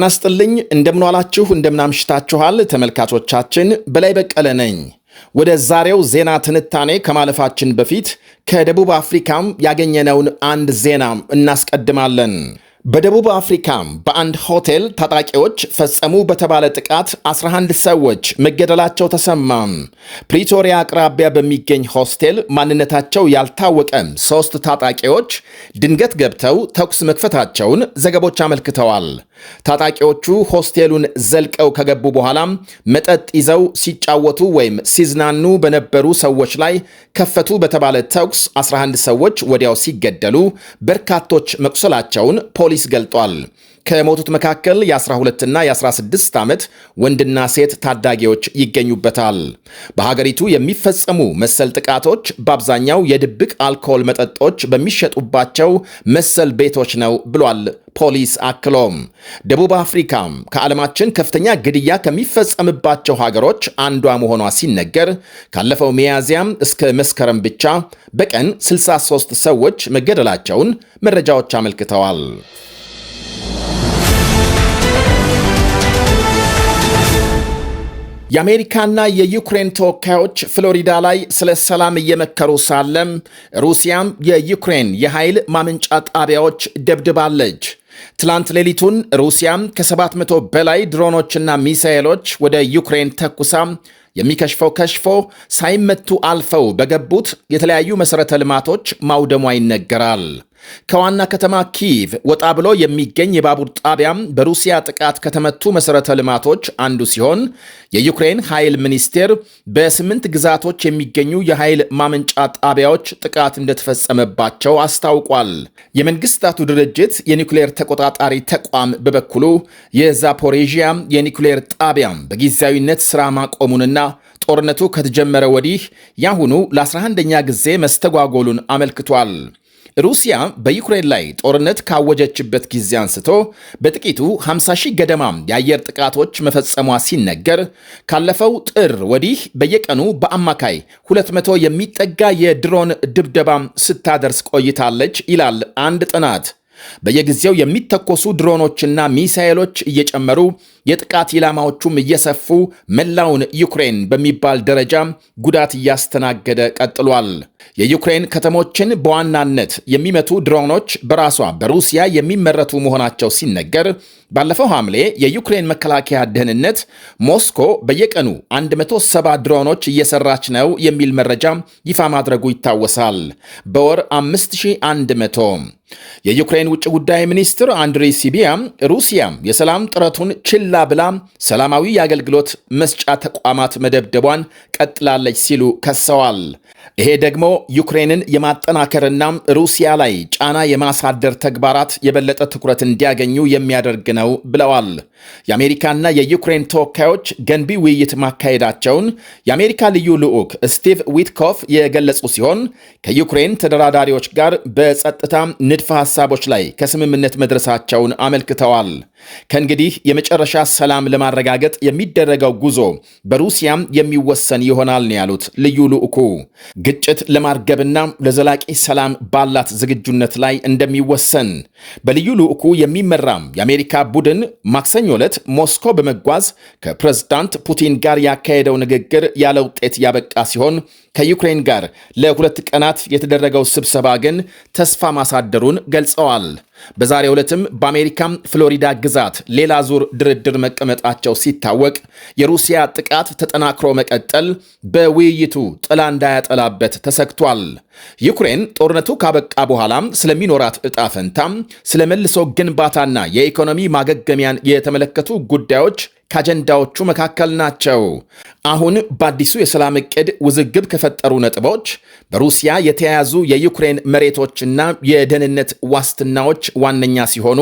ጤና ስጥልኝ እንደምን ዋላችሁ እንደምን አምሽታችኋል ተመልካቾቻችን በላይ በቀለ ነኝ ወደ ዛሬው ዜና ትንታኔ ከማለፋችን በፊት ከደቡብ አፍሪካም ያገኘነውን አንድ ዜና እናስቀድማለን በደቡብ አፍሪካም በአንድ ሆቴል ታጣቂዎች ፈጸሙ በተባለ ጥቃት 11 ሰዎች መገደላቸው ተሰማም። ፕሪቶሪያ አቅራቢያ በሚገኝ ሆስቴል ማንነታቸው ያልታወቀም ሦስት ታጣቂዎች ድንገት ገብተው ተኩስ መክፈታቸውን ዘገቦች አመልክተዋል። ታጣቂዎቹ ሆስቴሉን ዘልቀው ከገቡ በኋላ መጠጥ ይዘው ሲጫወቱ ወይም ሲዝናኑ በነበሩ ሰዎች ላይ ከፈቱ በተባለ ተኩስ 11 ሰዎች ወዲያው ሲገደሉ በርካቶች መቁሰላቸውን ፖሊስ ገልጧል። ከሞቱት መካከል የ12ና የ16 ዓመት ወንድና ሴት ታዳጊዎች ይገኙበታል። በሀገሪቱ የሚፈጸሙ መሰል ጥቃቶች በአብዛኛው የድብቅ አልኮል መጠጦች በሚሸጡባቸው መሰል ቤቶች ነው ብሏል ፖሊስ። አክሎም ደቡብ አፍሪካም ከዓለማችን ከፍተኛ ግድያ ከሚፈጸምባቸው ሀገሮች አንዷ መሆኗ ሲነገር ካለፈው ሚያዝያም እስከ መስከረም ብቻ በቀን 63 ሰዎች መገደላቸውን መረጃዎች አመልክተዋል። የአሜሪካና የዩክሬን ተወካዮች ፍሎሪዳ ላይ ስለ ሰላም እየመከሩ ሳለም ሩሲያም የዩክሬን የኃይል ማመንጫ ጣቢያዎች ደብድባለች። ትላንት ሌሊቱን ሩሲያም ከ700 በላይ ድሮኖችና ሚሳኤሎች ወደ ዩክሬን ተኩሳ የሚከሽፈው ከሽፎ ሳይመቱ አልፈው በገቡት የተለያዩ መሠረተ ልማቶች ማውደሟ ይነገራል። ከዋና ከተማ ኪቭ ወጣ ብሎ የሚገኝ የባቡር ጣቢያም በሩሲያ ጥቃት ከተመቱ መሠረተ ልማቶች አንዱ ሲሆን የዩክሬን ኃይል ሚኒስቴር በስምንት ግዛቶች የሚገኙ የኃይል ማመንጫ ጣቢያዎች ጥቃት እንደተፈጸመባቸው አስታውቋል። የመንግስታቱ ድርጅት የኒውክሌር ተቆጣጣሪ ተቋም በበኩሉ የዛፖሬዥያ የኒውክሌር ጣቢያም በጊዜያዊነት ሥራ ማቆሙንና ጦርነቱ ከተጀመረ ወዲህ ያሁኑ ለ11ኛ ጊዜ መስተጓጎሉን አመልክቷል። ሩሲያ በዩክሬን ላይ ጦርነት ካወጀችበት ጊዜ አንስቶ በጥቂቱ 50 ሺህ ገደማ የአየር ጥቃቶች መፈጸሟ ሲነገር ካለፈው ጥር ወዲህ በየቀኑ በአማካይ 200 የሚጠጋ የድሮን ድብደባም ስታደርስ ቆይታለች ይላል አንድ ጥናት። በየጊዜው የሚተኮሱ ድሮኖችና ሚሳይሎች እየጨመሩ የጥቃት ኢላማዎቹም እየሰፉ መላውን ዩክሬን በሚባል ደረጃ ጉዳት እያስተናገደ ቀጥሏል። የዩክሬን ከተሞችን በዋናነት የሚመቱ ድሮኖች በራሷ በሩሲያ የሚመረቱ መሆናቸው ሲነገር፣ ባለፈው ሐምሌ የዩክሬን መከላከያ ደህንነት ሞስኮ በየቀኑ 170 ድሮኖች እየሰራች ነው የሚል መረጃ ይፋ ማድረጉ ይታወሳል። በወር 5100 የዩክሬን ውጭ ጉዳይ ሚኒስትር አንድሬ ሲቢያ ሩሲያ የሰላም ጥረቱን ችላ ብላ ሰላማዊ የአገልግሎት መስጫ ተቋማት መደብደቧን ቀጥላለች ሲሉ ከሰዋል። ይሄ ደግሞ ዩክሬንን የማጠናከርና ሩሲያ ላይ ጫና የማሳደር ተግባራት የበለጠ ትኩረት እንዲያገኙ የሚያደርግ ነው ብለዋል። የአሜሪካና የዩክሬን ተወካዮች ገንቢ ውይይት ማካሄዳቸውን የአሜሪካ ልዩ ልዑክ ስቲቭ ዊትኮፍ የገለጹ ሲሆን ከዩክሬን ተደራዳሪዎች ጋር በጸጥታ ንድፈ ሐሳቦች ላይ ከስምምነት መድረሳቸውን አመልክተዋል። ከእንግዲህ የመጨረሻ ሰላም ለማረጋገጥ የሚደረገው ጉዞ በሩሲያም የሚወሰን ይሆናል ነው ያሉት ልዩ ልዑኩ። ግጭት ለማርገብና ለዘላቂ ሰላም ባላት ዝግጁነት ላይ እንደሚወሰን በልዩ ልዑኩ የሚመራም የአሜሪካ ቡድን ማክሰኞ ዕለት ሞስኮ በመጓዝ ከፕሬዝዳንት ፑቲን ጋር ያካሄደው ንግግር ያለ ውጤት ያበቃ ሲሆን ከዩክሬን ጋር ለሁለት ቀናት የተደረገው ስብሰባ ግን ተስፋ ማሳደሩን ገልጸዋል። በዛሬ ዕለትም በአሜሪካም ፍሎሪዳ ግዛት ሌላ ዙር ድርድር መቀመጣቸው ሲታወቅ የሩሲያ ጥቃት ተጠናክሮ መቀጠል በውይይቱ ጥላ እንዳያጠላበት ተሰግቷል። ዩክሬን ጦርነቱ ካበቃ በኋላም ስለሚኖራት ዕጣ ፈንታም ስለ መልሶ ግንባታና የኢኮኖሚ ማገገሚያን የተመለከቱ ጉዳዮች ከአጀንዳዎቹ መካከል ናቸው። አሁን በአዲሱ የሰላም ዕቅድ ውዝግብ ከፈጠሩ ነጥቦች በሩሲያ የተያያዙ የዩክሬን መሬቶችና የደህንነት ዋስትናዎች ዋነኛ ሲሆኑ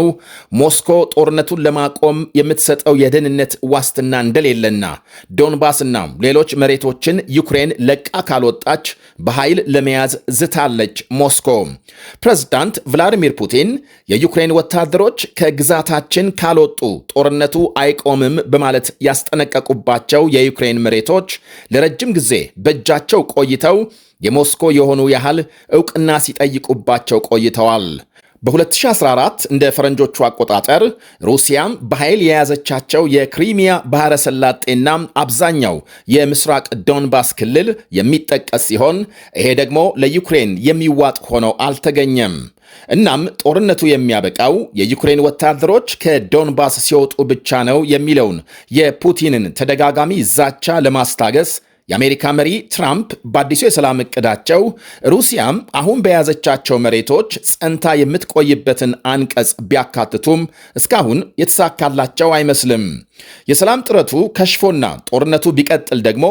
ሞስኮ ጦርነቱን ለማቆም የምትሰጠው የደህንነት ዋስትና እንደሌለና ዶንባስና ሌሎች መሬቶችን ዩክሬን ለቃ ካልወጣች በኃይል ለመያዝ ዝታለች። ሞስኮ ፕሬዝዳንት ቭላዲሚር ፑቲን የዩክሬን ወታደሮች ከግዛታችን ካልወጡ ጦርነቱ አይቆምም በማለት ያስጠነቀቁባቸው የዩክሬን መሬቶች ለረጅም ጊዜ በእጃቸው ቆይተው የሞስኮ የሆኑ ያህል እውቅና ሲጠይቁባቸው ቆይተዋል። በ2014 እንደ ፈረንጆቹ አቆጣጠር ሩሲያም በኃይል የያዘቻቸው የክሪሚያ ባሕረ ሰላጤና አብዛኛው የምስራቅ ዶንባስ ክልል የሚጠቀስ ሲሆን ይሄ ደግሞ ለዩክሬን የሚዋጥ ሆነው አልተገኘም። እናም ጦርነቱ የሚያበቃው የዩክሬን ወታደሮች ከዶንባስ ሲወጡ ብቻ ነው የሚለውን የፑቲንን ተደጋጋሚ ዛቻ ለማስታገስ የአሜሪካ መሪ ትራምፕ በአዲሱ የሰላም እቅዳቸው ሩሲያም አሁን በያዘቻቸው መሬቶች ጸንታ የምትቆይበትን አንቀጽ ቢያካትቱም እስካሁን የተሳካላቸው አይመስልም። የሰላም ጥረቱ ከሽፎና ጦርነቱ ቢቀጥል ደግሞ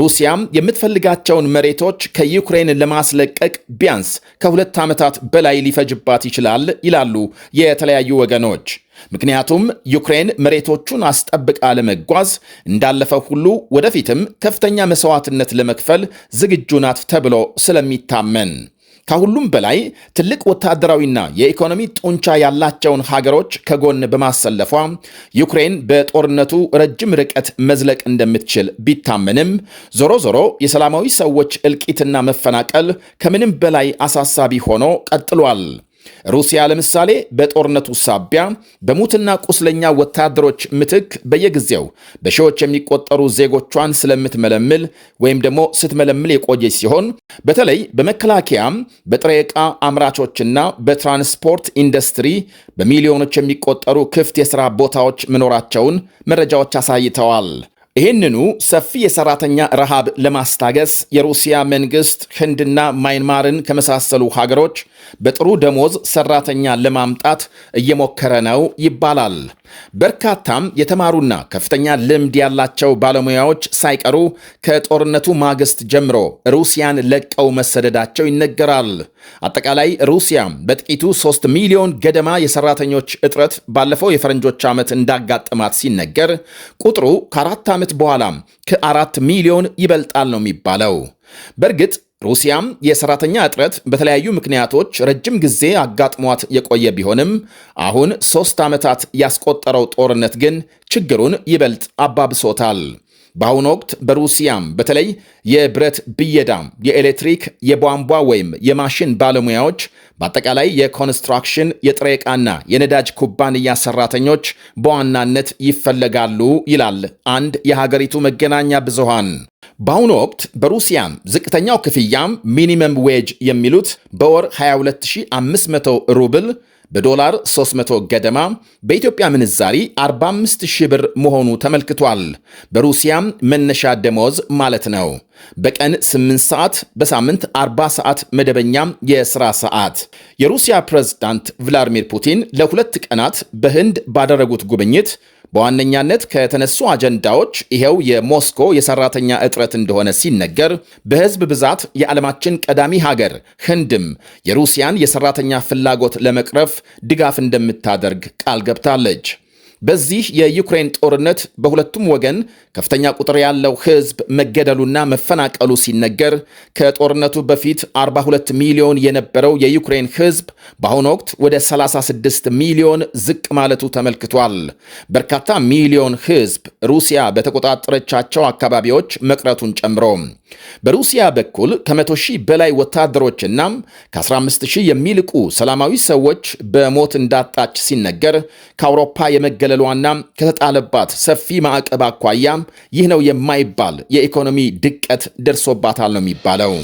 ሩሲያም የምትፈልጋቸውን መሬቶች ከዩክሬን ለማስለቀቅ ቢያንስ ከሁለት ዓመታት በላይ ሊፈጅባት ይችላል ይላሉ የተለያዩ ወገኖች። ምክንያቱም ዩክሬን መሬቶቹን አስጠብቃ ለመጓዝ እንዳለፈው ሁሉ ወደፊትም ከፍተኛ መስዋዕትነት ለመክፈል ዝግጁ ናት ተብሎ ስለሚታመን ከሁሉም በላይ ትልቅ ወታደራዊና የኢኮኖሚ ጡንቻ ያላቸውን ሀገሮች ከጎን በማሰለፏ ዩክሬን በጦርነቱ ረጅም ርቀት መዝለቅ እንደምትችል ቢታመንም ዞሮ ዞሮ የሰላማዊ ሰዎች እልቂትና መፈናቀል ከምንም በላይ አሳሳቢ ሆኖ ቀጥሏል። ሩሲያ ለምሳሌ በጦርነቱ ሳቢያ በሙትና ቁስለኛ ወታደሮች ምትክ በየጊዜው በሺዎች የሚቆጠሩ ዜጎቿን ስለምትመለምል ወይም ደግሞ ስትመለምል የቆየች ሲሆን በተለይ በመከላከያም በጥሬ ዕቃ አምራቾችና በትራንስፖርት ኢንዱስትሪ በሚሊዮኖች የሚቆጠሩ ክፍት የሥራ ቦታዎች መኖራቸውን መረጃዎች አሳይተዋል። ይህንኑ ሰፊ የሰራተኛ ረሃብ ለማስታገስ የሩሲያ መንግስት ህንድና ማይንማርን ከመሳሰሉ ሀገሮች በጥሩ ደሞዝ ሰራተኛ ለማምጣት እየሞከረ ነው ይባላል። በርካታም የተማሩና ከፍተኛ ልምድ ያላቸው ባለሙያዎች ሳይቀሩ ከጦርነቱ ማግስት ጀምሮ ሩሲያን ለቀው መሰደዳቸው ይነገራል። አጠቃላይ ሩሲያ በጥቂቱ 3 ሚሊዮን ገደማ የሰራተኞች እጥረት ባለፈው የፈረንጆች ዓመት እንዳጋጠማት ሲነገር ቁጥሩ ከአራት ዓመት በኋላ ከአራት ሚሊዮን ይበልጣል ነው የሚባለው። በእርግጥ ሩሲያም የሰራተኛ እጥረት በተለያዩ ምክንያቶች ረጅም ጊዜ አጋጥሟት የቆየ ቢሆንም አሁን ሦስት ዓመታት ያስቆጠረው ጦርነት ግን ችግሩን ይበልጥ አባብሶታል። በአሁኑ ወቅት በሩሲያም በተለይ የብረት ብየዳም፣ የኤሌክትሪክ፣ የቧንቧ ወይም የማሽን ባለሙያዎች፣ በአጠቃላይ የኮንስትራክሽን የጥሬ ዕቃና የነዳጅ ኩባንያ ሰራተኞች በዋናነት ይፈለጋሉ ይላል አንድ የሀገሪቱ መገናኛ ብዙሃን። በአሁኑ ወቅት በሩሲያም ዝቅተኛው ክፍያም ሚኒመም ዌጅ የሚሉት በወር 22500 ሩብል በዶላር 300 ገደማ በኢትዮጵያ ምንዛሪ 45000 ብር መሆኑ ተመልክቷል። በሩሲያም መነሻ ደሞዝ ማለት ነው። በቀን 8 ሰዓት፣ በሳምንት 40 ሰዓት መደበኛ የሥራ ሰዓት። የሩሲያ ፕሬዝዳንት ቭላዲሚር ፑቲን ለሁለት ቀናት በህንድ ባደረጉት ጉብኝት በዋነኛነት ከተነሱ አጀንዳዎች ይኸው የሞስኮ የሰራተኛ እጥረት እንደሆነ ሲነገር በህዝብ ብዛት የዓለማችን ቀዳሚ ሀገር ህንድም የሩሲያን የሰራተኛ ፍላጎት ለመቅረፍ ድጋፍ እንደምታደርግ ቃል ገብታለች። በዚህ የዩክሬን ጦርነት በሁለቱም ወገን ከፍተኛ ቁጥር ያለው ሕዝብ መገደሉና መፈናቀሉ ሲነገር ከጦርነቱ በፊት 42 ሚሊዮን የነበረው የዩክሬን ሕዝብ በአሁኑ ወቅት ወደ 36 ሚሊዮን ዝቅ ማለቱ ተመልክቷል። በርካታ ሚሊዮን ሕዝብ ሩሲያ በተቆጣጠረቻቸው አካባቢዎች መቅረቱን ጨምሮ በሩሲያ በኩል ከመቶ ሺህ በላይ ወታደሮችና ከ15 ሺህ የሚልቁ ሰላማዊ ሰዎች በሞት እንዳጣች ሲነገር ከአውሮፓ የመገለ ከመገለሏና ከተጣለባት ሰፊ ማዕቀብ አኳያ ይህ ነው የማይባል የኢኮኖሚ ድቀት ደርሶባታል ነው የሚባለው።